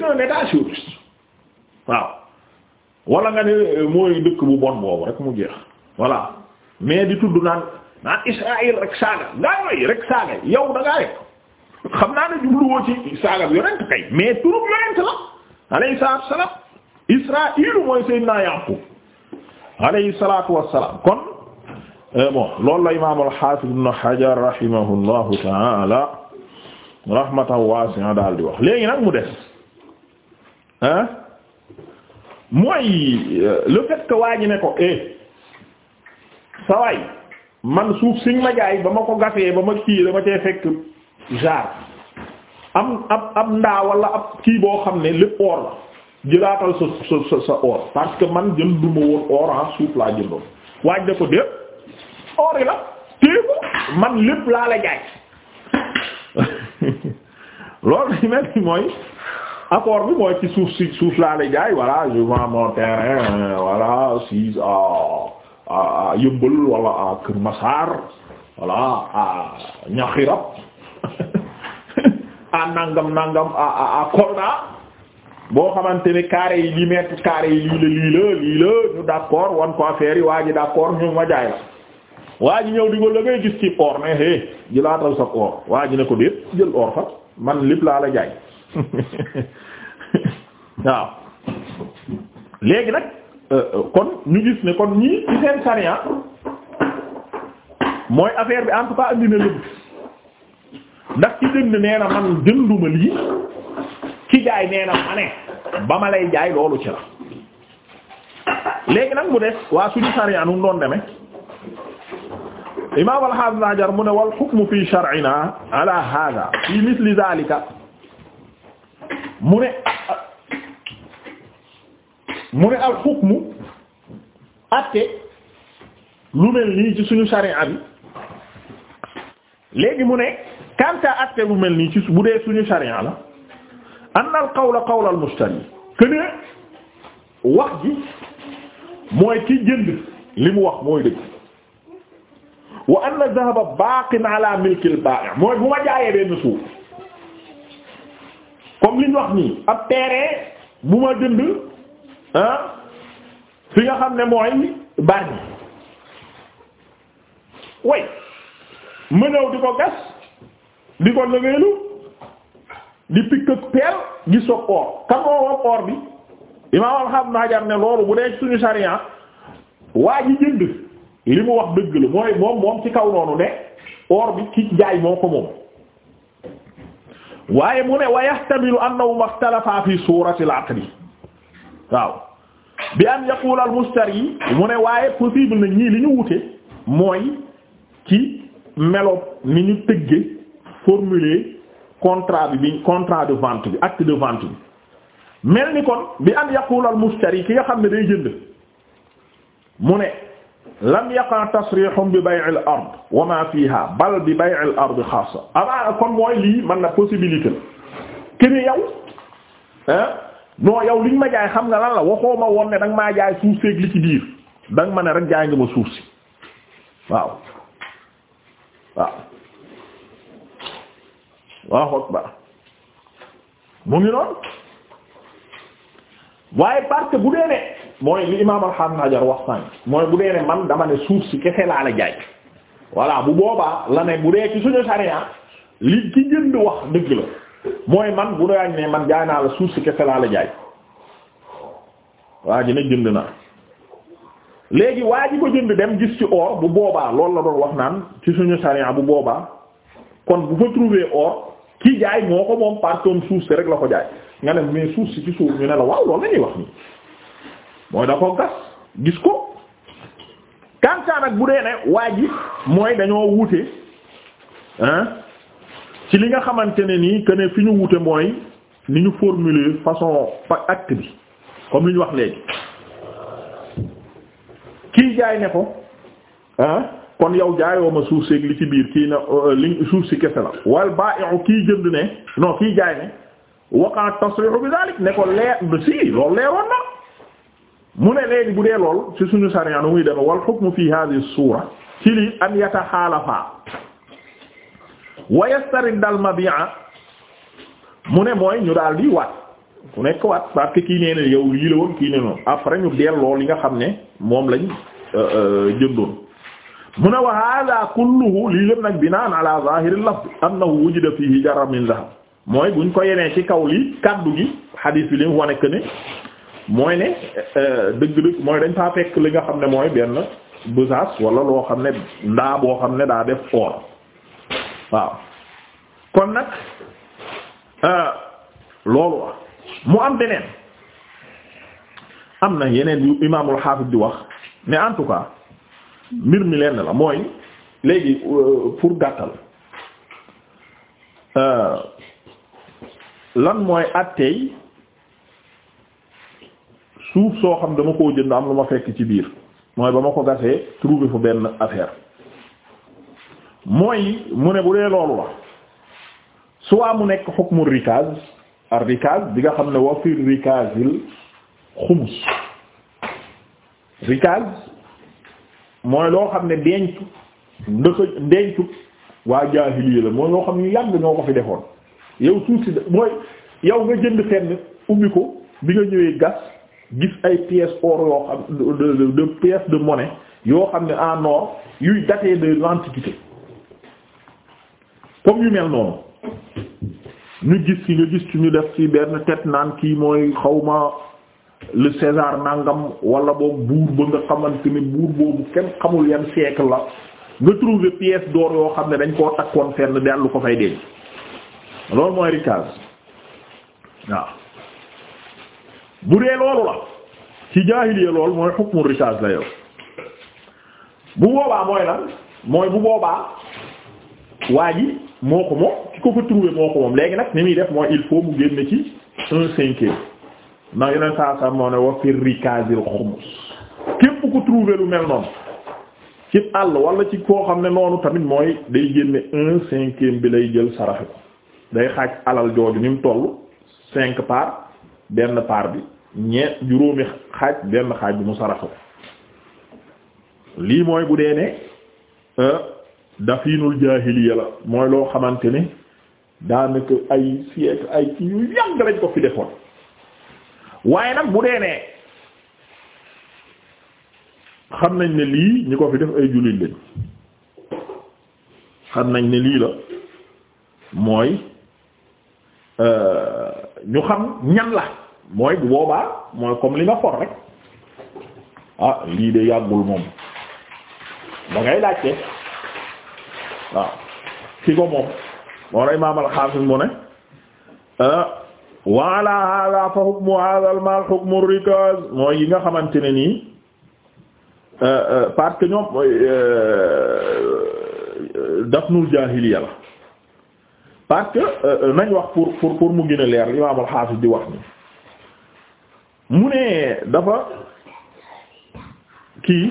c'est un état siouriste waaw wala nga ne euh, mooy dëkk bu bon boobu rek mu jeex voilà mais di tudd naan naan Israël rek saaga ngaa yooyu rek saaga yow da ngaa rek xam naa ne jubluwoo ci saaga bi yonent kay mais turub yonent la alayhi salaatu wasalaam Israël mooy Seydina Yaqub alayhi salaatu wasalaam kon euh, bon loolu la imaam al-Hafiz Ibn Hajar rahimahullahu ta'ala rahmatan wasi'a daal di wax léegi nag mu des ah mooy euh, le fait que waa ne ko eh sa waay man suuf si nga ma jaay ba ma ko gasee ba ma kii dama cee fekk jaar am ab ab ndaa wala ab kii boo xam ne lépp or la jëlaatal sa sa sa or parce que man jënduma woon or ah, suuf laa jëndoon waaj da ko déet or la téye man lépp laa la jaay loolu li mel mooy. accord bi mooy ci suuf si suuf laa lay jaay voilà je vends mon terrain voilà si à à Yëmbal wala à Kër Massar voilà à Ñaxirab à nangam nangam à boo xamante ni carré yi li mètre carré yi lii la lii la lii la ñu d'accord wan ko affaire yi waa ji d'accord ñu ma jaay la waa ji ñëw di la ngay gis ci or ne hé jëlaatal sa or waa ji ne ko déet jël or fa man lépp laa la jaay waaw léegi nag euh, euh, kon ñu gis ne kon ñii ci seen mooy affaire bi en tout cas indi na lëbb ndax ci jënd nee na man jënduma lii ci jaay nee ma ne ba ma lay jaay loolu ci la léegi nag mu de waa suñu sariya nu doon deme imaam al-Hafiz Hajar mu ne wal hukmu fi shar'ina ala hadha fi misli dhalika mu ne mu ne al xukmu lu mel nii ci suñu sharia bi léegi mu ne quant à lu mel nii ci bu dee suñu sharia la anna al qawla qawla al mushtari këne wax ji mooy ki jënd li mu wax mooy dëgg wa anna dhahaba baaqin ala milkil baa'i mooy bu ma jaayee benn suuf comme li wax nii ab tere bu ma jënd ah fi nga xam ne mooy Bargny way ma di ko gas di ko lëgëlu di pikk ak peel gis ko or kan moo war or bi imaam xam naa jar ne loolu bu dee suñu sariya waa ji jënd li mu wax dëgg la mooy moom moom ci kaw noonu ne or bi ci jaay moo ko moom. waaye mu ne wa yahtamilu annahu maxtalafa fi surati al-aqdi waaw bi am yaqula al-mushtari mu ne waaye possible na ñii li ñu wute mooy ci melo ni ñu tëgge formuler contrat bi bi contrat de vente bi acte de vente bi mel ni kon bi an yaqula al ki nga xam ne day jënd mu ne lam yaqa tasrihum bi bay' al wa ma fiha bal bi bay' al ard amaana ah, ah, kon mooy lii man na possibilité la kene yow ah non yow liñ ma jaay xam nga lan la waxoo ma woon ne da maa jaay suuf da ma ne rek jaay suuf si waaw waaw waaw mu ngi noonu waaye parce bu dee ne mooy li imaam al-Hasan Hajar wax sànq mooy bu dee ne man dama ne suuf si kese laa la jaay voilà bu boobaa la bu dee suñu sariya li ki jënd wax dëgg la mooy man bu doon ne suuf si kese laa la jaay waa ji ne jënd naa léegi waa ji ko jënd dem gis ci or bu boobaa loolu la doon wax naan ci suñu sariya bu boobaa kon bu fa trouver or. ki jaay moo ko moom par contre suuf si rek la ko jaay nga ne mais suuf si ci suuf ñu ne la waaw loolu la wax nii mooy da ko gas gis ko kanta nag bu dee ne waa ji mooy dañoo wuute ah ci li nga xamante ne nii que ne fi ñu wuute mooy ni ñu formuler façon acte bi comme li wax léegi kii jaay ne ko ah kon yow jaayoo ma suuf si li ci biir kii na euh, suuf si kese la wal baa'i'u kii jënd ne non kii jaay ne waqa'a tasrihu bi dalik ne ko leer si loolu leeroon na mu ne léegi bu dee lool ci suñu sariya nu muy deme wal hukmu fi hadhihi suura ci li an yataxaalafa wa yastarid al mabi'a mu ne mooy ñu daal di waat ku nekk waat parce que kii nee ne yow lii la kii ne noonu après ñu delloo li nga xam ne moom lañ euh, euh, jëndoon mu ne wa hada kulluhu lii lépp nag binaan ala zahir al-lafz annahu wujida fihi jarra min zahab mooy buñ ko yenee ci kaw li kaddu gi hadith bi li mu wane que mooy ne euh, dëgg-dëgg mooy dañ faa fekk li nga xam ne mooy benn besace wala loo xam ne ndaa boo xam ne daa def or waaw kon nag euh, loolu wax mu am beneen am na yeneen yu imaamul xaafis di wax mais en tout cas mbir mi lenn la mooy léegi euh, pour gàttal lan mooy àtteey suuf soo xam dama koo jënd am lu ma fekk ci biir mooy ba ma ko gasee trouver fu benn affaire mooy mu ne bu dee loolu la soit mu nekk hukmu rikaz ar rikaz bi nga xam ne wa fi rikazil xumus rikaz mooy loo xam ne dencu ndëka ndencu waa jaahiliya la mooy loo xam ne yàgg ñoo ko fi defoon yow suuf si mooy yow nga jënd fenn ubbi ko bi nga ñëwee gas gis ay pièces or yoo xam de de pièces de monnaie yoo xam ne en or yuy daté de l'antiquité comme yu mel noonu ñu gis ci ñu gis ci ñu def ci benn tet naan kii mooy xawma le César nangam wala boobu buur ba nga xamante ni buur boobu kenn xamul yan siècle la nga trouver pièce d'or yoo xam ne dañ koo takkoon fenn dellu ko fay denc loolu mooy ricaz waaw bu dee loolu la ci jaahiliya lool mooy xukmu risaas la yow bu boobaa mooy lan mooy bu boobaa waa ji moo ko moom ki ko fa trouvé moom léegi nag ni muy def mooy il faut mu génn ci un cinquième ndax yeneen saa saa moo ne wa fi rikaasil xumus képp ko trouvé lu mel noonu ci àll wala ci koo xam ne noonu tamit mooy day génne un cinquième bi lay jël saraxe ko day xaaj alal jooju ni mu toll cinq parts benn part bi ñeent juróomi xaaj benn xaaj bi mu saraxu lii mooy bu dee ne euh, dafinul jaahiliya la mooy loo xamante ne daanaka ay siècle ay ci yu yàgg lañ ko fi defoon waaye nag bu dee ne xam nañ ne lii ñi ko fi def ay jullit lañ xam nañ ne lii la mooy euh, ñu xam ñan la mooy boobaa mooy comme li nga for rek ah lii de yàggul moom da ngay laajte waaw ki ko moom wara imam al-Hafiz mu ne ah, wa ala fa hukmu hada al-mal hukmu mooy yi nga xamante ne nii ah, ah, parce que ñoom dafnul jahiliya la parce nañ wax pour pour pour mu gën a leer imam al-Hafiz di wax ni mu ne dafa kii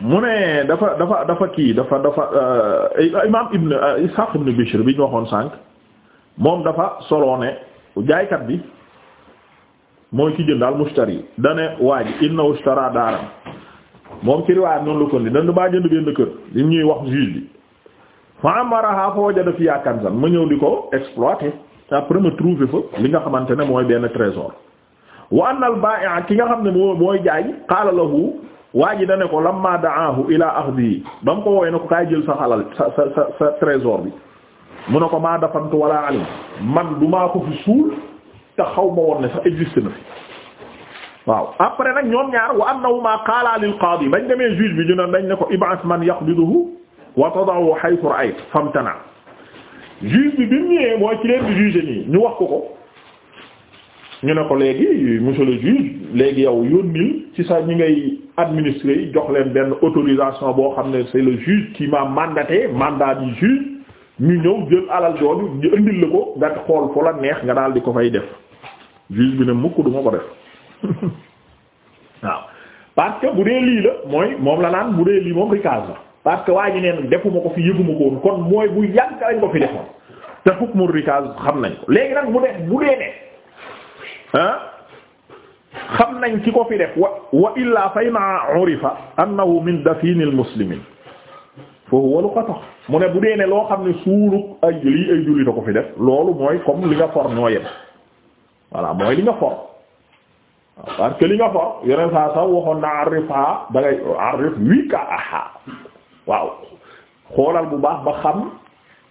mu ne dafa dafa dafa kii dafa dafa euh, imaam ibn euh, Ishaq ibn Bishr bi ñu waxoon sànq moom dafa soloo ne jaaykat bi mooy ki jën daal yi dane waa ji inna ushtara daaram moom ci riwaayam noonu la ko ni dan maa jënd benn kër li ñuy wax juge bi fa amaraha fa wajada fiha kanzan ma ñëw di ko exploiter après ma trouvé fa li nga xamante ne mooy benn trésor wa anna al baa'i'a ki nga xam ne moo mooy jaay qaala lahu waa ji da ne ko lamma da'aahu ilaa axdihi ba mu ko woowee ne ko kaay jël sa xalal sa sa sa sa trésor bi mu ne ko maa dafantu wala alim man du maa ko fi suul te xaw ma woon ne sax existe na fi waaw après nag ñoom ñaar wa annahuma qaala lil qaadi bañ demee juge bi ñu ne dañ ne ko ib'ath man yaqbiduhu wa tada'u haythu ra'ayt famtana juge bi bi mu ñëwee mooy ci leen di nii ñu wax ko ko ñu ne ko léegi monsieur le juge léegi yow yónnil ci sa ñu ngay administrer yi jox leen benn autorisation boo xam ne c'est le juge qui m'a mandaté mandat du juge ñu ñëw jël alal jooju ñu indil la ko nga xool fu la neex nga daal di ko fay def juge bi ne mukk duma ko def waaw parce que bu dee lii la mooy moom la naan bu dee lii moom ricage la parce que waa ji neen defuma ko fi yëguma ko kon mooy bu yàgg lañ ko fi defoon te hukmu rikaz xam nañ ko léegi nag bu def bu dee ne ah, xam nañ ki ko fi def wa wa illaa fay ma urifa annahu min dafinil muslimin foofu walu ko tax mu ne bu dee ne loo xam ne suulu ay lii ay jullit a ko fi def loolu mooy comme li nga for ñoo yem voilà mooy li nga for parce que li nga for yeneen saa sax waxoon na arrifa da ngay wii ka aha waaw xoolal bu baax ba xam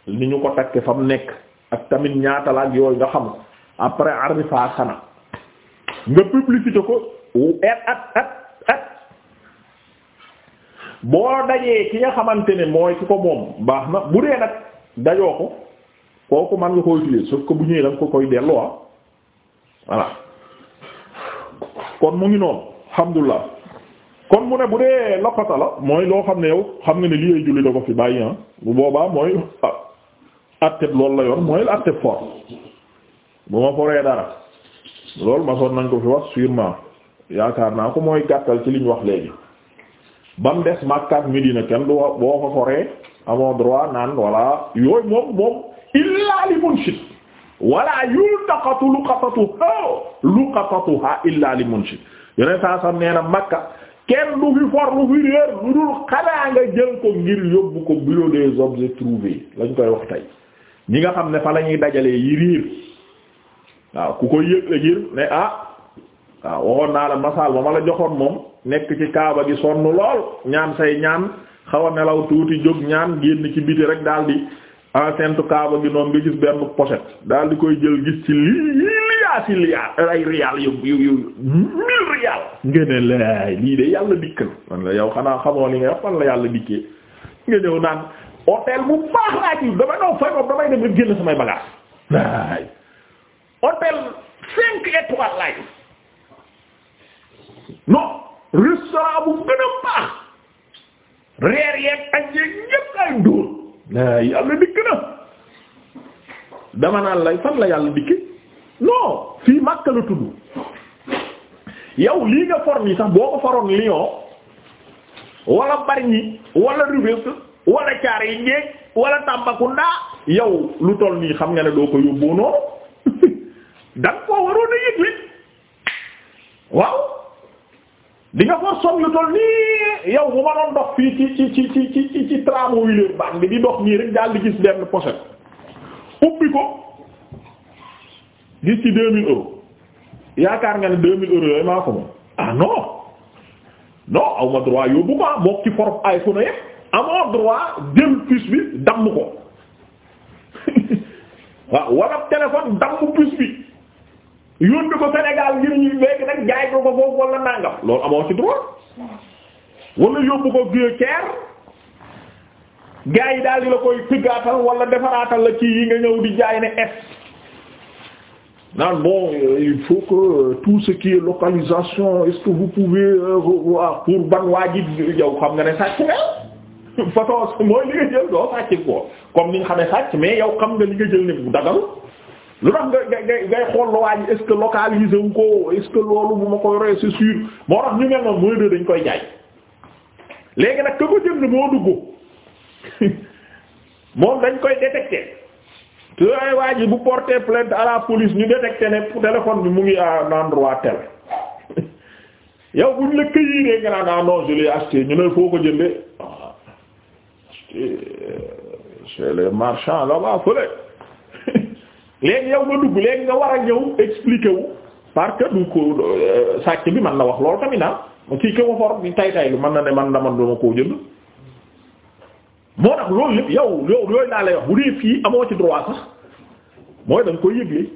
ni ñu ko takkee fa mu nekk ak tamit ñaata la ak yooyu nga xam après arrifa xana nga publicité ko boo dajee ki nga xamante ne mooy ki ko moom baax na bu dee nag dajoo ko kooku man nga ko utiliser sauf que bu ñëwee da ko koy delloo ah. voilà kon mu ngi noonu alhamdulilah kon mu ne bu dee lokkata la mooy loo xam ne yow xam nga ne li ay julli da ko fi bàyyi ah bu boobaa mooy ah atteb loolu la yoon mooy atteb fort bu ma foree dara loolu ma son nañ ko fi wax sûrement yaakaar naa ko mooy gàttal ci liñ wax léegi ba mu des Makka Medina kenn du boo ko foree amoo droit naan voilà yooyu moom moom illaa li munshid wala yultaqatu luqatatuha luqatatuha illaa li munshid yeneen saa sax nee na kenn du fi for lu fi réer lu dul xanaa nga jël ko ngir yóbbu ko bureau des objets trouvés lañ koy wax tey ñi nga xam ne fa la ñuy dajalee yi riir waaw ku koy yëgle ngir ne ah waxoon naa la masal ba ma la joxoon moom nekk ci kaaba gi sonn lool ñaan say ñaan xaw a nelaw tuuti jóg ñaan génn ci biti rek daal di enceinte kaaba gi noonu nga gis benn pochette daal di koy jël gis ci lii siyaasi liyaal ay riyaal yu yu yu mille riyaal nga laay lii de yàlla dikk na man la yow xanaa xamoo li la yàlla dikkee nga naan hôtel bu baax laa ci damay doon fay moom damay dem rek génn samay bagage laay hôtel cinq étoiles laay non restaurant bu gën a baax reer yeeg ak yeeg ñépp ay dóor laay yàlla dikk na lay fan la yàlla dikk non fii Makka la tudd yow lii nga forme yi sax boo ko faroon Lyon wala Bargny wala Rufisque wala Thiaroye Géej wala Tambacounda yow lu toll nii xam nga ne doo ko yóbboo noonu da nga koo waroon a yëg waaw di for soog lu toll nii yow bu ma doon dox fii ci ci ci ci ci ci ci tramway Villeurbanne bi di dox nii rek daal di gis benn pochette ubbi ko. gis ci deux mille euros yaakaar nga ne deux mille euros yooyu maa ko moom ah non non aw droit yóbbu ko ah mook ci forop iPhone amoo droit jël puce bi damm ko waaw wala damm puce bi yónni ko Sénégal ngir ñu léegi nag jaay ko ko foofu wala nangam loolu amoo ci droit wala yóbbu ko Gueux Caire gars yi daal di la koy tëggaatal wala defaraatal la ci yi nga ñëw di jaay ne es naan bon il faut que euh, tout ce qui est localisation est-ce que vous pouvez waaw euh, pour ban waa ji yow xam nga ne sàcc nga façon mooy li nga jël doo sàcc ko comme ni nga xam ne sàcc mais yow xam nga li nga jël ne bu dagal lu tax nga nga ngay xool la waa ji est-ce que localisé wu ko est-ce que loolu bu ma ko yoree moo tax ñu mel noonu mooy de dañ koy jaay léegi nag ka ko jënd moo dugg moom dañ koy détecter. te ay waa ji bu porter plainte à la police ñu détecté ne téléphone bi mu ngi a un endroit tel yow bu ñu la këyiree nga naan ah non je l'ai ñu ne foo ko jëndee ah acheté euh, chez les marchands là-bas fële léegi yow nga dugg léegi nga war a jëw expliquer wu parce que du ko euh, sàcc bi man na wax loolu tamit ah kii ko for bi tay tay lu mën na ne man dama dama koo jënd. moo tax loolu yëpp yow yow yooyu laa bu dee fii amoo ci droit sax mooy da koy yëgle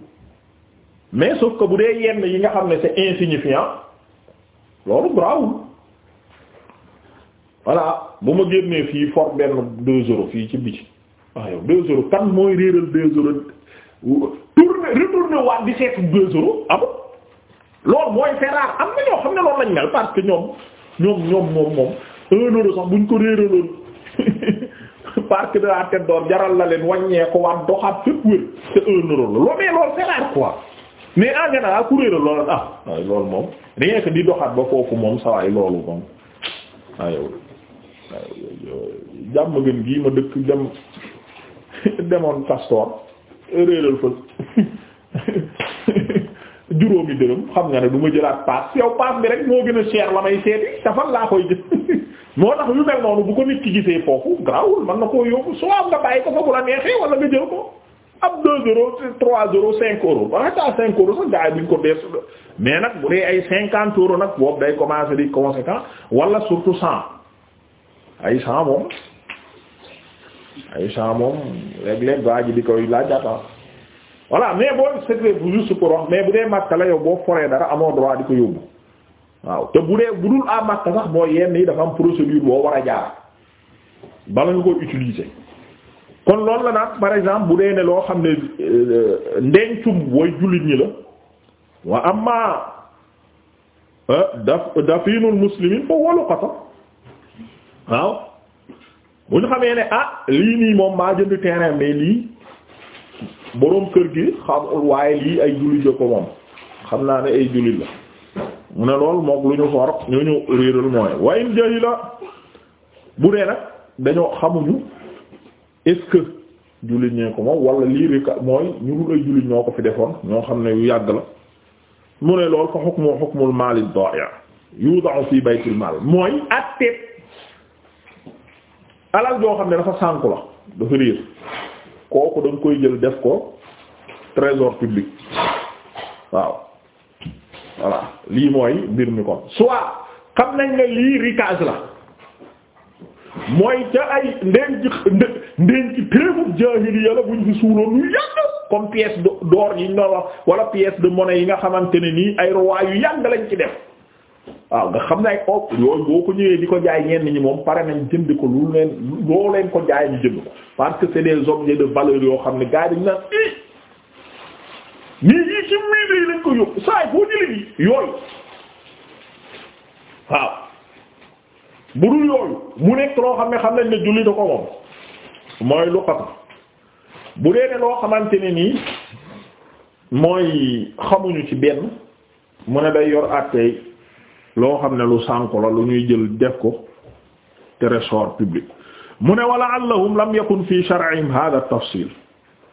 mais sauf que bu dee yenn yi nga xam ne c'est insignifiant loolu grawul voilà bu ma génnee fii for benn deux euros fii ci biti waaw ah yow deux euros kan mooy réeral deux euros tourner retourner waat di seetu deux euros amul loolu mooy c'est am na ñoo xam ne loolu lañ mel parce que ñoom ñoom ñoom moom moom un euro buñ ko réeraloon parc de la Tête jaral la leen wàññeeku waat doxaat fépp wér te un euro la loo mais loolu c'est rare quoi mais en général kuréel loolu ah waaye loolu moom gën gii ma dëkk dem demoon Castor réeral fa juróomi dërëm xam nga ne du ma jëlaat paas yow paas bi rek moo gën a cher la may seeti te fan laa koy jël moo tax yu mel noonu bu ko nit ki gisee foofu grawul man na koo yóbbu soo am nga bàyyi ko fa bu la neexee wala nga jël ko ab 2 euros 3 euros 5 euros mais nag bu dee ay cinquante euros nag boobu day commencé di conséquent walla surtout 100 ay 100 moom ay 100 moom léeg-léeg waa ji di koy laajataa. Ah. voilà mais boo secret bu juste pour wax mais bu dee makka la yow boo foree dara amoo droit di ko yóbbu. waaw te bu dee bu dul à Makka sax mooy yenn yi dafa am procédure boo war a jaar bala nga koy utiliser kon loolu la nag par exemple bu dee ne loo xam ne euh, ndencum woy jullit ñi la wa amma euh, daf dafinul muslimin fa walu xata waaw bu ñu xamee ne ah lii nii moom maa jënd terrain mais lii boroom kër gi xamul waaye lii ay jullit jo ko moom xam naa ne ay jullit la mu ne loolu mook lu ñu for ñu ñu réeral mooy wayin jahila bu dee nag dañoo xamuñu est-ce jullit ñee ko moom wala lii rek mooy ñu dul ay jullit ñoo ko fi defoon ñoo xam ne yu yàgg la mu ne lool fa hukmu hukmul maal ad-da'i' yuda'u fi baytil maal mooy àtteeb alal joo xam ne dafa sànku la dafa réer kooku da koy jël def ko trésor public waaw voilà lii mooy mbir mi kon soit xam nañ ne lii rikaz la mooy ca ay ndenc ndenc téegub jaahiliya la buñ fi suuloon yu yàgg comme pièce d'or yi ñu wax wala pièce de monnaie yi nga xamante ne nii ay roi yu yàgg lañ ci def waaw nga xam ne ay op boo ko ñëwee di ko jaay ñenn ñi moom pare nañ jënd ko lu leen loo leen ko jaay ñu jënd ko parce que c'est des objets de valeur yoo xam ne gars yi dañ naan mais yii ci miir yi lañ ko yóbbu saa yi boo jëlee yooyu waaw bu dul yooyu mu nekk loo xam ne xam nañ ne julli da ko moom mooy lu xam bu dee ne loo xamante ne nii mooy xamuñu ci benn mu ne day yor àttee loo xam ne lu sànk la lu ñuy jël def ko trésor public mu ne wala allahum lam yakun fi shar'ihim hadha at-tafsil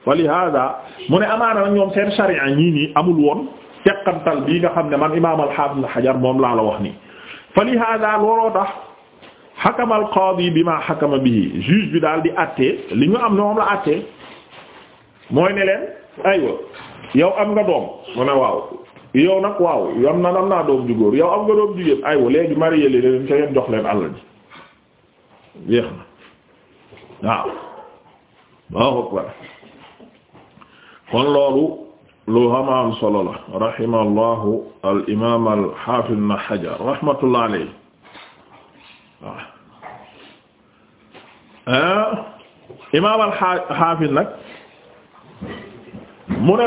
fa lihada mu ne amaana nag ñoom seen sharia ñii nii amul woon teqantal bii nga xam ne man imaam al-Hafiz al moom laa la wax nii fa lihada looloo tax xakama al-qaadi bima xakama bihi juge bi daal di àttee li ñu am ne moom la àttee mooy ne leen aywa yow am nga doom mu ne waaw yow nag waaw yam na am naa doom ju yow am nga doom jigéen aywa léegi marié li leen ca ngeen jox leen àll ji jeex na waaw kon loolu lu ama am solo la rahimaallahu al imam al hafiz ibn Hajar rahmatullah alayhi waaw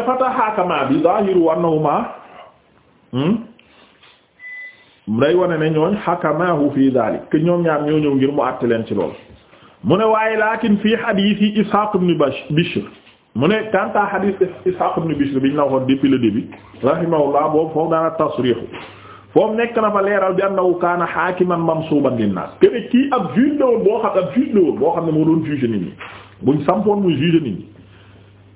ah. bi zahiru annahuma hmm? day wane ne ñooñ fi dalik que ñoom ngir mu àtte leen ci lool mu waaye lakin Bishr mu ne kanta hadith Ishaq ibn Bishr bi ñu la waxoon depuis le début rahimahullah boobu foofu daana tasriixu foofu nekk na fa leeral bi annahu kaana haakiman mansuuban linnaas kene kii ab juge la woon boo xam ab juge la woon boo xam ne moo doon juge nit ñi buñ sampoon muy juge nit ñi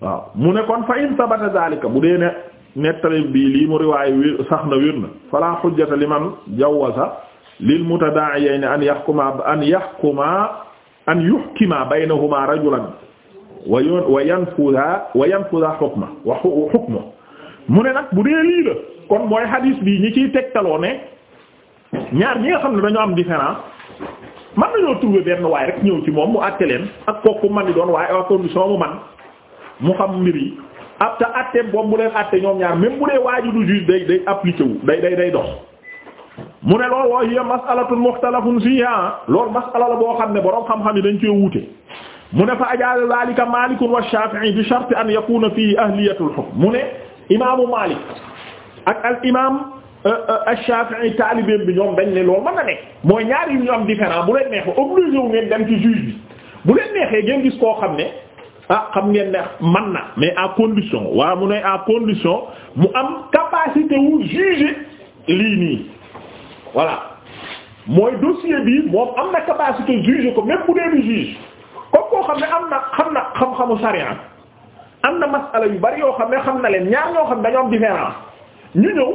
waaw mu ne kon fa in sabata bu dee ne nettali bii lii mu riwaay wér sax na wér na fala hujjata liman jawwaza lil mutadaa'iyayn an an yahkuma an yuhkima baynahuma waa wa wa yanfuda wa yanfuda xukma wa xukma mu ne nag bu dee lii la kon mooy hadis bi ñi ciy tegtaloo ne ñaar ñi nga xam ne dañoo am différence man nañoo trouver benn waay rek ñëw ci moom mu àtte leen ak kooku man di doon waaye à condition mu man mu xam mbir yi ab te àtte boobu mu leen àtte ñoom ñaar même bu dee waaju du juge day day appliqué wu day day day dox mu ne loolu wa hiya mas'alatun mukhtalafun fiha loolu mas'ala la boo xam ne boroom xam-xam dañ cee wuute mu ne fa a zalika Malik wa Shafi'i bi shart an yakuna fihi ahliyatul hukm mu ne imaamu Malik ak al imaam euh, euh, Shafi'i bi ñoom dañ ne loolu mën na nekk mooy ñaar yu ñu am bu leen neexee obligé wu ngeen dem ci juge bu leen neexee ngeen gis koo xam ne ah xam ne man na mais à condition waaw mu ne à condition mu am capacité wu juger lii nii voilà mooy dossier bi moom am capacité juger ko même bu dee du juge. comme koo xam ne am na xam na xam-xamu sariya am na masala yu bari yoo xam ne xam na leen ñaar ñoo xam ne dañoo am différence ñu ñëw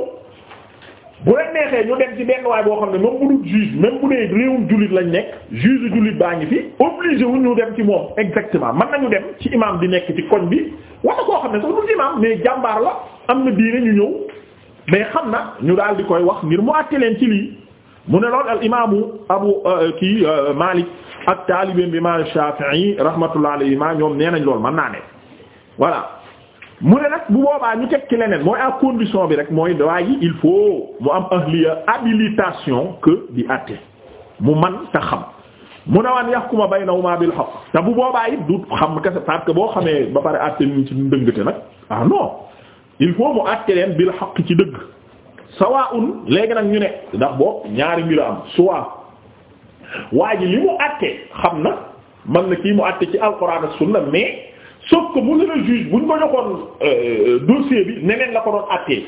bu leen neexee ñu dem ci benn waay boo xam ne même bu dul juge même bu dee réewum jullit lañ nekk juge jullit baa ngi fi obligé wu ñu dem ci moom exactement mën nañu dem ci imam di nekk ci koñ bi wala koo xam ne sax dul imam mais jàmbaar la am na diine ñu ñëw mais xam na ñu daal di koy wax ngir mu àtte leen ci lii mu ne lool al imaamu abu euh, kii euh, Malik ak taalibeem bi imaam Shafi'i rahmatullah alayhi ma ñoom nee nañ loolu mën naa ne voilà mu ne nag bu boobaa ñu teg ci leneen mooy à condition bi rek mooy dawaa yi il faut mu am ahliya habilitation que di àtte mu man te xam mu ne waan yahkuma baynahuma bil haqq te bu boobaa it du xam kese parce que boo xamee ba pare àtte ñu ci ndëngate nag ah non il faut mu àtte leen bil haqq ci dëgg sawaa'un léegi nag ñu ne ndax boo ñaari mbir a am soit waa ji li mu àttee xam na man na kii mu àttee ci alquran ak sunna mais sauf que mu ne la juge bu ñu ko joxoon euh, dossier bi neneen la ko doon àttee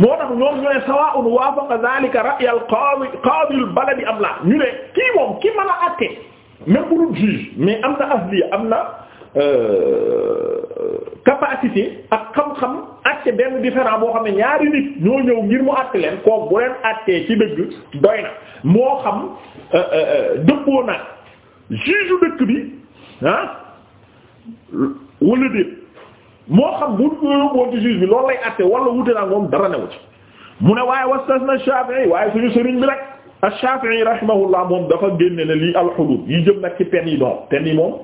moo tax ñoom ñu ne sawaa'un waafaqa zaalika qaadi al-baladi am la ñu ne kii moom ki mën a àttee même bu dul mais am na ahliya am na. Euh, capacité ak xam-xam àtte benn différent boo xam ne ñaari nit ñoo ñëw ngir mu àtte leen kook bu leen àttee ci dëgg doy na moo xam euh, euh, dëppoo na juge bi ah, xam bu yóbboo ci loolu lay àtte wala wute naa moom dara new ci mu ne waaye wastasna Shafi'i waaye suñu sëriñ bi rek a Shafi'i rahimahullah moom dafa génne ne lii al-hudud yi jëm nag ci pen yi doon pen yi moom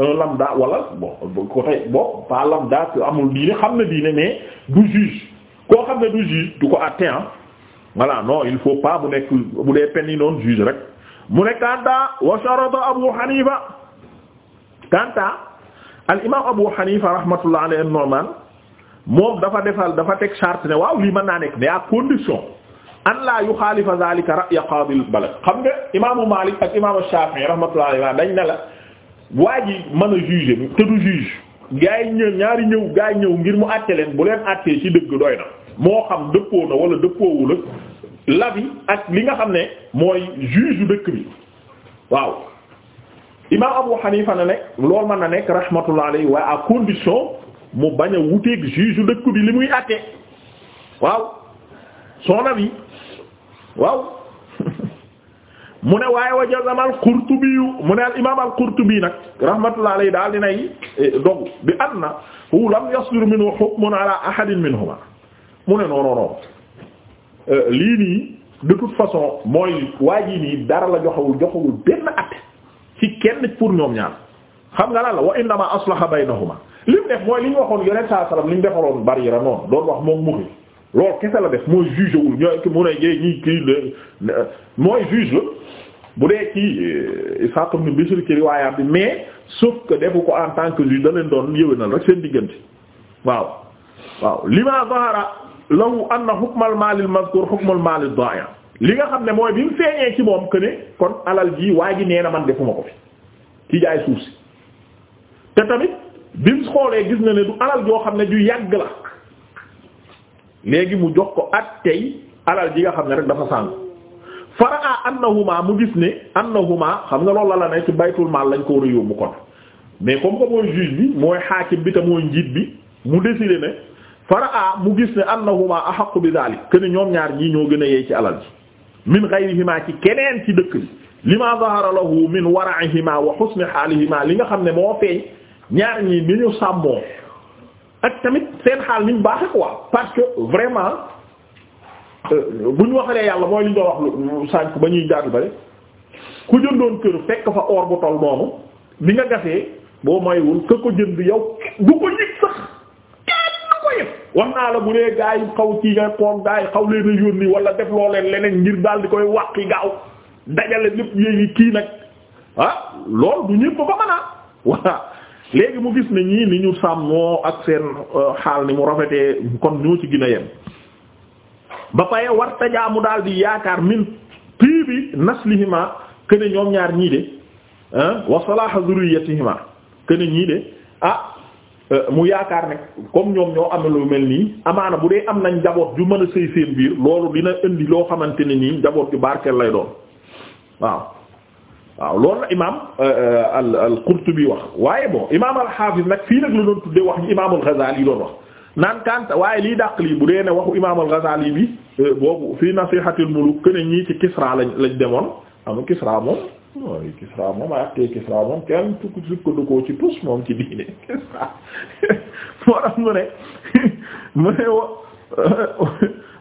un lambda wala bon côté bon pas lambda amul diine xam na diine mais du juge koo xam ne du juge du ko àtte voilà non il faut pas bu nekk bu dee peine yi noonu juge rek mu ne kanta wa sharata Abu Hanifa kanta al imam Abu Hanifa rahmatullah alayhi an-Nu'man moom dafa defal dafa teg charte ne waaw lii man naa nekk mais à condition an la yuxaalifa zalika ra'y qaadi al balad xam nga imaamu Malik ak imaamu Shafi'i rahmatullah alayhi dañ ne la waa ji mën a juger te du juge gaa yi ñëw ñaari ñëw gaa ñëw ngir mu àtte leen bu leen àttee ci dëgg doy na moo xam dëppoo na wala dëppoowul ak labi ak li nga xam ne mooy juge yu dëkk bi waaw imam Abu Hanifa na nekk loolu mën na nekk rahmatullah alayhi waaye à condition mu bañ a wuteeg juge yu dëkk bi li muy àtte waaw son avis waaw mu ne waaye wa jazama al-Qurtubi mu ne al imaam al-Qurtubi nag rahmatullahi alayhi daal di nay e, dogu bi annahu lam yasdur minhu hukmun ala ahadin minhuma mu ne non non non e, lii nii de toute façon mooy waa ji nii dara la joxewul joxewul benn at ci kenn pour ñoom ñaar xam nga lan la wa innama aslaha baynahuma li mu def mooy li ñu waxoon yeneen saa salaam li ñu defaloon bari la noonu doon wax moom mu loolu kese la def mooy juge wul ñooy mu ne jé ñi kii mooy juge la bu dee ci euh, sàqam ni bisir ci riwaayaat bi mais sauf que defu ko en tant que juge da leen doon yëwénal rek seen diggante waaw waaw lima zahara lahu anna hukmal maalil mazkur hukmal maalil da'i li nga xam ne mooy bi mu feeñee ci moom que kon alal ji waa ji nee na man defuma ko fi ci jaay suuf si te tamit bi mu xoolee gis na ne du alal joo xam ne ju yàgg la léegi mu jox ko ak tey alal ji nga xam ne rek dafa sànk faraa annahuma mu gis ni ne annahuma xam nga loolu la ne ci baytul maal lañ ko war a yóbbu kon mais comme que mooy juge bi mooy xaakim bi te mooy njiit bi mu décidé ne faraa mu gis ne annahuma ahaqu bi daalik que ne ñoom ñaar ñii ñoo gën a yey ci alal ji min gayrihima ci keneen ci dëkk bi lima zahara lahu min wara'ihima wa husni halihima li nga xam ne moo feeñ ñaar ñii ni ñu sàmmoo ak tamit seen xaal ni mu baaxee quoi parce que vraiment euh, bu ñu waxalee yàlla mooy li ñu doon wax sànq ba ñuy jaatu bare ku jëndoon kër fekk fa or bu toll noonu bi nga gasee boo maywul ka ko jënd yow du ko yëg sax kenn du ko yëg wax naa la bu dee gaa yi xaw kii nga xool gaa yi xaw leen a yónni wala def loo leneen ngir daal di koy wàqi gaaw dajale lépp yéegi kii nag ah loolu du ñëpp ba mën a voilà léegi mu gis ne ñii ni ñu sàmmoo ak seen euh, xaal ni mu rafetee kon ñoo ci gën a ba paye war tajaamu daal di yaakaar min pii bi naslihima këne ñoom ñaar ñii de wax a wa salaha zurriyatihima këne ñii de ah euh, mu yaakaar ne comme ñoom ñoo ame lu mel nii amaana bu dee am nañ njaboot ju mën a sëy seen biir loolu dina indi loo xamante ne nii njaboot ju barkeel lay doon waaw waaw lool la imaam euh, euh, al al Qurtubi wax waaye bon imaam al Hafiz nag fii nag la doon tuddee wax ñu imaam al Ghazali doon wax naan kanta waaye lii dàq lii bu dee ne waxu imaam al Ghazali bi euh, boobu fii Nasihatul Muluk que ne ñii ci Kisra lañ lañ demoon am Kisra moom mooy Kisra moom ay ah, acté Kisra moom kenn tukk sukkandikoo ci tus moom ci diine Kisra moo tax mu ne mu ne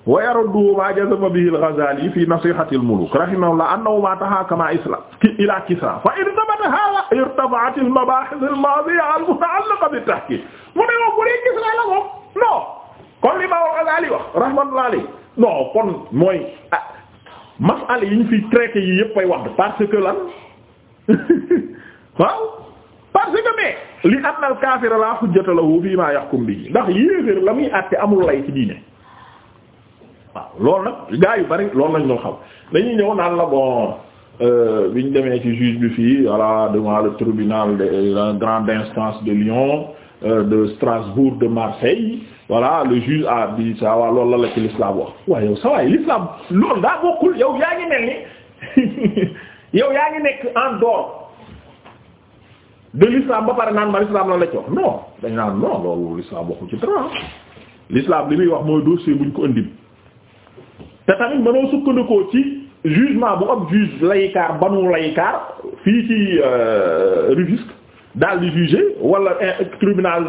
wa yarudduhu ma jazama bihi al-Ghazali fi nasihati al-muluk rahimahullah annahu ma tahakama isla ila Kisra fa in thabata hadha irtafa'at al-mabahith al-madiya al-muta'allaqa bit-tahkim mu ne moom bu dee Kisra la moom non kon li ma al-Ghazali wax rahmatullah alayhi non kon mooy ah mas'ala yi ñu fi traité yi yëpp ay wax parce que lan waaw parce que mais li anna al-kafira la hujjata lahu fi ma yahkum bihi ndax yéeféer la muy àtte amul lay ci diine waaw loolu nag gaa yu bari loolu lañ doon xam dañuy ñëw naan la bon euh, bi ñu demee ci juge bi fii voilà devant le tribunal de euh, grande instance de Lyon euh, de Strasbourg de Marseille voilà le juge à dit ça waaw loolu la la ci l'islam wax waaw yow ça waay l'islam daa bokkul yow yaa ngi mel ni yow yaa ngi nekk en dehors de l'islam ba pare naan ma l'islam la la ci wax non dañ naan non loolu l'islam waxu ci dara l'islam li muy wax mooy dossier buñ ko indi te tamit mënoo sukkandikoo ci jugement bu ab juge laykaar banu laykaar fii ci euh, Rufisque daal di jugé wala euh, tribunal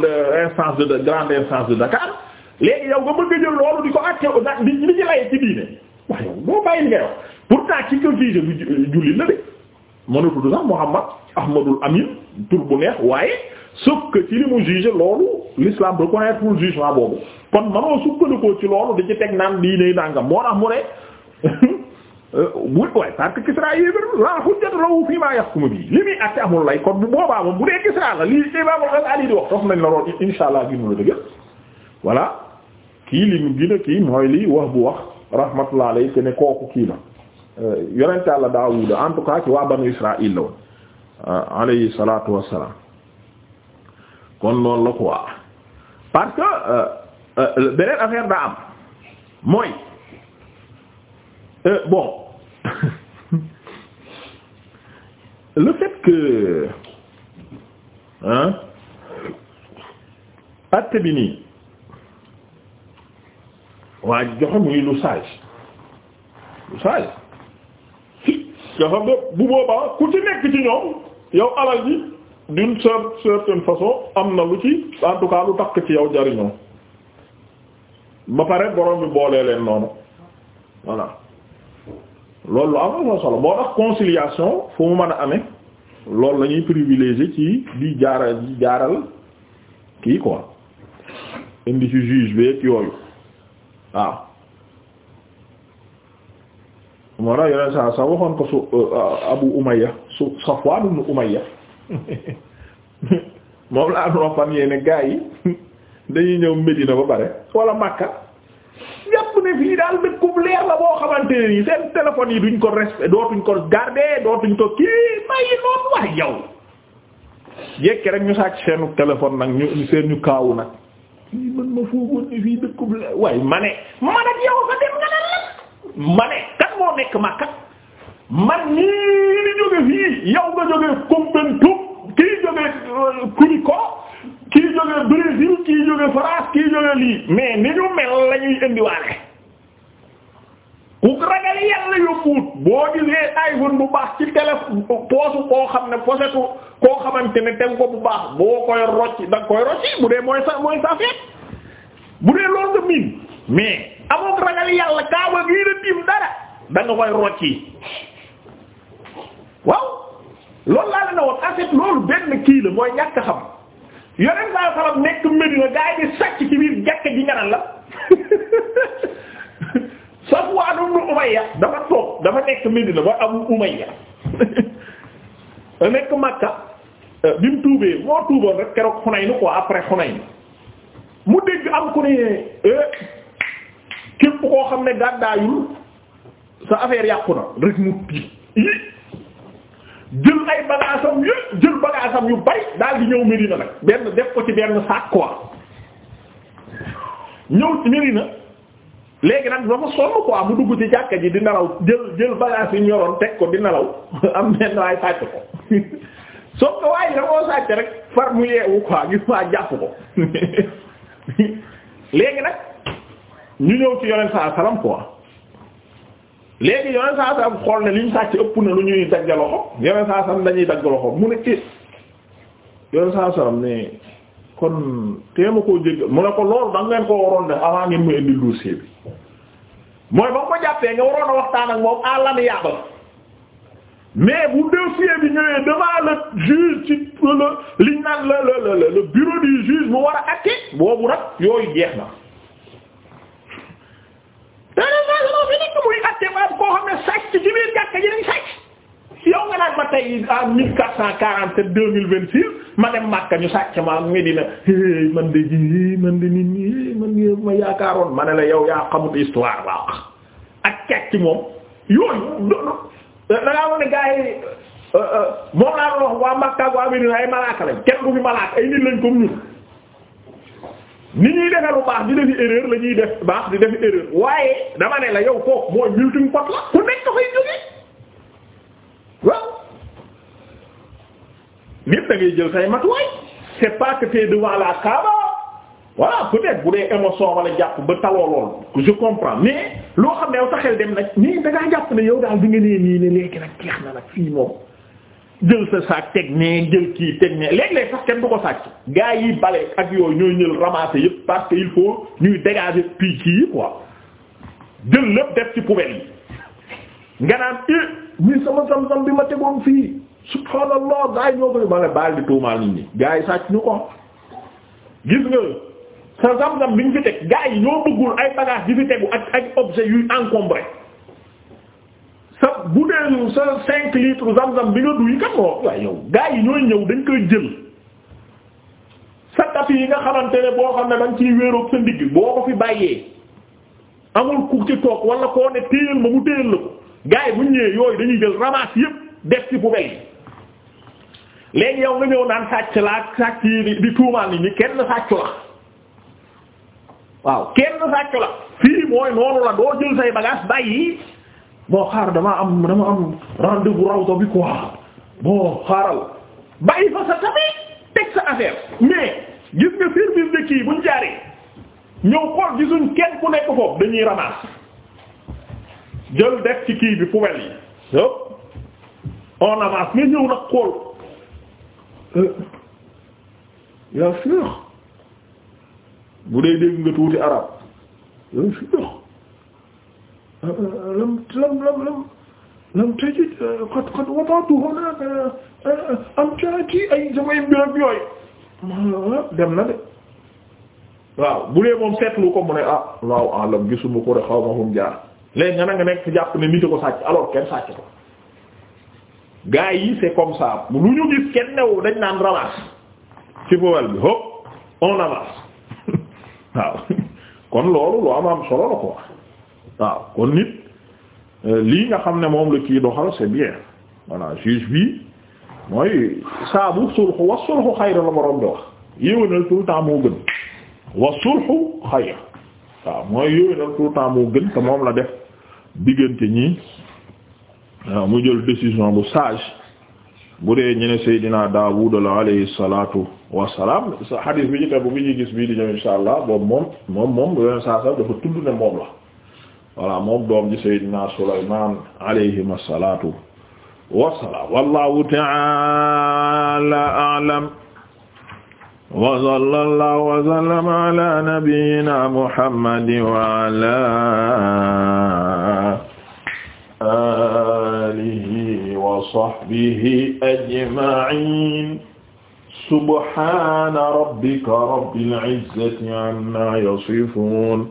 instance de grande instance de Dakar léegi yow ba bëgg a jël loolu di ko àtte nag di di ci ci diine waaye yow boo bàyyi li nga wax pourtant ki ko jugé bu jullit la de mënatu sax Muhammad Ahmadul Amin tur bu neex waaye sauf que ci li mu jugé loolu l'islam reconnaître pour jugement boobu kon manoo sukkandikoo ci loolu di ci teg lii ne nangam moo tax mu ne bu waaye parce que Kisra yéebér la hujjat lawu fii maa yahkumu bi li muy atte amul lay kon bu boobaa moom bu dee Kisra la lii Imaamul Ghazali di wax toog nañ la lool insha allah ginu dëgg voilà kii li mu gën a kii mooy li wax bu wax rahmatullah alayhi te ne kooku kii la euh, yonent Yàlla Daawuda en tout cas kon loolu la quoi parce que euh, euh, beneen affaire daa am mooy euh, bon le fait que hein atte bi nii waa joxe muy lu sage lu sage si nga xam ne bu boobaa ku ci nekk ci ñoom yow alal ji d'une certaine façon am na lu ci en tout lu takk ci yow jariñoo ba pare borom bi boolee leen noonu voilà loolu lu am solo moo tax conciliation fu mu mën a ame loolu la ñuy privilégier ci di jaara di jaaral kii quoi indi ci juge beeg yooyu waaw moo tax yeneen saa sax ko su euh, Abu Umayya su Safwan ibn Umayya moom laa doon fan yee gaa yi dañuy ñëw Medina ba pare wala Makka jàpp ne fii daal dëkkub leer la boo xamante nii seen téléphone yi duñ ko respect dootuñ ko garder dootuñ ko kii mayi noonu wax yow yekke rek ñu sàcc seenu téléphone nag ñu seen ñu kaawu nag fii man ma foogoon ne fii dëkkub leer waaye ma man ak yow fa dem nga la ma ne kat moo nekk Makka man ñii ni jóge fii yow nga jóge Koumpentoum kii jóge euh, Curicó kii jóge Brésil kii jóge France kii jóge lii mais ni ñu mel lañuy ñuy indiwaale ku ragal yàlla yóbbuwut boo gisee iPhone bu baax ci téléphone poosu koo xam ne posetu koo xamante ne teg ko bu baax boo koy rocci da nga koy rocci bu dee mooy sa mooy sa feet bu dee loolu nga miin mais amoon ragal yàlla kaaba gii na tiim dara da koy rocci loolu laa la ne woon en loolu benn kii la mooy ñàkk xam yoneen saa salam nekk Medina gaa yi di sàcc ci biir jàkka ji ñaral la Safwaan ibn Umayya dafa toog dafa nekk Medina ba Abu Umayya nekk Makka euh, bi mu tuubee moo tuuboon rek keroog Xunayn quoi après Xunayn mu dégg am ku ne euh, képp koo xam ne gàddaayul sa affaire yàqu na rek mu tiit jël ay bagaasam yëpp jël bagaasam yu bari daal di ñëw Medina nag benn def ko ci benn sac quoi ñëw ci Medina léegi nag dafa sonn quoi mu dugg ci jàkka ji di nelaw jël jël bagaas yi ñoroon teg ko di nelaw am benn waay sàcc ko soo ko waaye da koo rek far mu yeewu quoi gis ma jàpp ko léegi nag ñu ñëw ci yoneen saa salaam quoi. léegi yoneen saa saam xool ne liñ ñu sàcc ëpp na lu ñuy dagg loxo yoneen saa saam dañuy dagg loxo mu ne ci yoneen saa saam ne kon téema koo mu ne ko loolu da ngeen ko waroon def avant ngeen mu indil dossier bi mooy ba nga ko jàppee nga waroon a waxtaan ak moom àllan yàbbal mais bu dossier bi ñëwee devant le juge ci le liñ naan mu war a àtte boobu nag yooyu jeex na léeg-léeg changement bi nit ñi muy acté ba koo xam ne sàcc ci biir jàkka ji dañ sàcc yow nga naan ma tey en mille quatre cent quarante deux mille vingt six ma dem Makka ñu sàcc ma Medina man de ji man de nit ñi man de ma yaakaaroon ma ne la yow yaa xamut histoire ba wax ak càcc moom yooyu da ngaa wax ne gars yi euh, euh, moom laa doon wax waa Makka waa Medina ay malaaka lañ kenn du fi malaaka ay nit lañ comme ñun. ni ñuy defee lu baax di defi erreur la ñuy def baax di def erreur waaye dama ne la yow kooku mooy melting pot la ku nekk koy jógee waaw nit da ngay jël say matuwaay c'est pas que t'es devant la Kaaba voilà peut-être bu dee émotion wala jàpp ba taloo lool je comprends mais loo xam ne yow taxel dem nag nii da ngaa jàpp ne yow daal di nga nee nii ne léegi nag jeex na nag fii moom. jël sa saak teg nee jël kii teg nee léeg-léeg sax kenn du ko sàcc gars yi bale ak yooy ñooy ñël ramasser yëpp parce que il faut ñuy dégager picc yi quoi jël lépp def ci poubelle yi nga naan eh ñii sama sam-sam bi ma tegoon fii subhanallah gars yi ñoo ko ma ne baal di tuumaal nit ñi gars yi ko gis nga sa sam-sam bi ñu teg gars yi ñoo bëggul ay bagages di fi tegu ak ak objet yuy encombré butéelu sa cinq litres zam-zam bi nga duy kat moo waaye gaa yi ñooy ñëw dañ koy jël sa tapi yi nga xamante ne boo xam ne dañ ciy wéeroog sa ndigg boo ko fi bàyyee amul ku ci toog wala koo ne téyal ma mu téyal la ko gaa yi buñ ñëwee yooyu dañuy jël ramas yépp def ci poubelle yi léegi yow nga ñëw naan sàcc laa sàcc yi di tuumaal nit ñi kenn sàccu la waaw kenn sàccu la fii mooy noonu la doo jël say bagage bàyyi moo xaar damaa am dama am rendez-vous rawda bi quoi bon xaaral bàyyi fa sa tamit teg sa affaire mais gis nga service de kii bu jaaree ñëw xool gisuñ kenn ku nekk foofu dañuy ramas jël def ci kii bi poubelle yi yëpp on avance mais ñëw nag xool yaa euh, sûr bu dee dégg nga tuuti arab yaa sûr lam lam lam lam lam tajid qad qad wada'tu hunaka amtaati ay samay mbirab yooyu dem na de waaw bu dee moom seetlu ko mu ne ah waaw alam gisuma ko de xaw ma fu jaar léegi nga nga nekk jàpp ne nit ko sàcc alors kenn sàcc ko gaa yi c'est comme ça lu ñu gis kenn new dañ naan ramasse ci powel bi hop on avance waaw kon loolu lu am am solo la quoi waaw kon nit euh, lii nga xam ne moom la kii doxal c'est bien voilà juge bi mooy saabu sulxu wa sulxu xayr la borom bi wax yéwénal tout le temps moo gën wa sulxu xayr waaw mooy yéwénal tout temps moo gën te moom la def diggante ñi waaw mu jël décision bu sage bu dee ñu ne Seydina Daawud la alayhi salaatu wa salaam xadiis bi ñu tegu bi ñu gis bii di ñëw insha allah boobu moom moom moom yeneen saa sax dafa tudd ne moom la. voilà moom doom ji Seydina Sulaymaan alayhim assalatu wassalaam wallahu ta'ala a'lam wa sallallahu wa sallama ala nabiyyina Muhammadin wa ala alihi wa sahbihi ajma'in subhana rabbika rabbil izzati amma yasifun